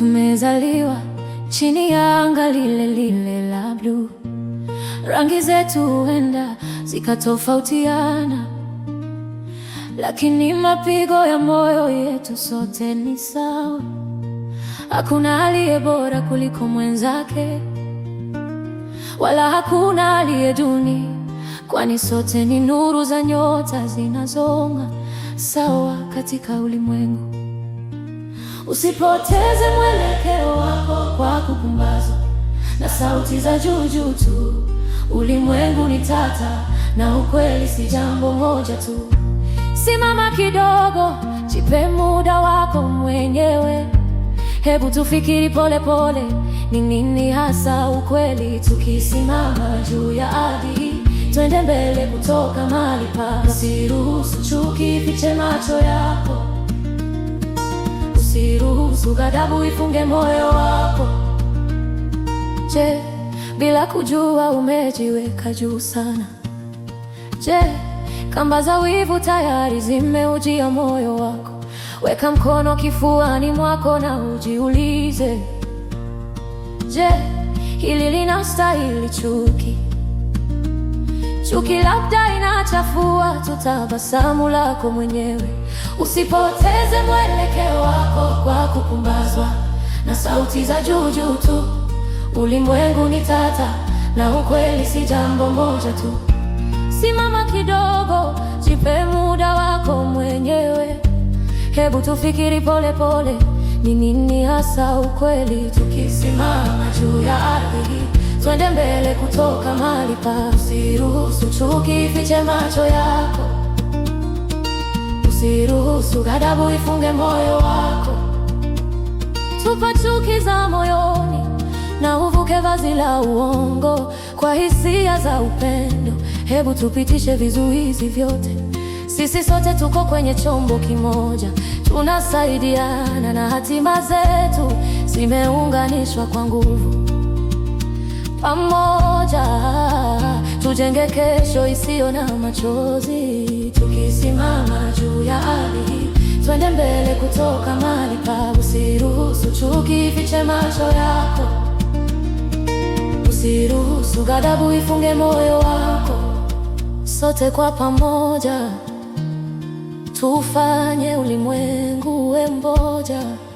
Tumezaliwa chini ya anga lile lile la bluu, rangi zetu huenda zikatofautiana, lakini mapigo ya moyo yetu sote ni sawa. Hakuna aliye bora kuliko mwenzake, wala hakuna aliye duni, kwani sote ni nuru za nyota zinazong'aa sawa katika ulimwengu Usipoteze mwelekeo wako kwa kupumbazwa na sauti za juu juu tu. Ulimwengu ni tata na ukweli si jambo moja tu. Simama kidogo, jipe muda wako mwenyewe. Hebu tufikiri polepole, ni nini hasa ukweli? Tukisimama juu ya ardhi, twende mbele kutoka mahali pa. Usiruhusu chuki piche macho yako. Usiruhusu ghadhabu ifunge moyo wako. Je, bila kujua umejiweka juu sana? Je, kamba za wivu tayari zimeujia moyo wako? Weka mkono kifuani mwako na ujiulize, je, hili linastahili chuki? Chuki labda inachafua tutabasamu lako mwenyewe. Usipoteze mwelekeo wako kwa kukumbazwa na sauti za juu juu tu. Ulimwengu ni tata na ukweli si jambo moja tu. Simama kidogo, jipe muda wako mwenyewe. Hebu tufikiri polepole, ni nini hasa ukweli? Tukisimama juu ya ardhi twende mbele kutoka mahali pa. Usiruhusu chuki ifiche macho yako, usiruhusu ghadhabu ifunge moyo wako. Tupa chuki za moyoni na uvuke vazi la uongo kwa hisia za upendo. Hebu tupitishe vizuizi vyote, sisi sote tuko kwenye chombo kimoja, tunasaidiana na hatima zetu zimeunganishwa kwa nguvu pamoja tujenge kesho isiyo na machozi, tukisimama juu ya ardhi, twende mbele kutoka mahali pa. Usiruhusu chuki ifiche macho yako, usiruhusu ghadhabu ifunge moyo wako. Sote kwa pamoja tufanye ulimwengu uwe mmoja.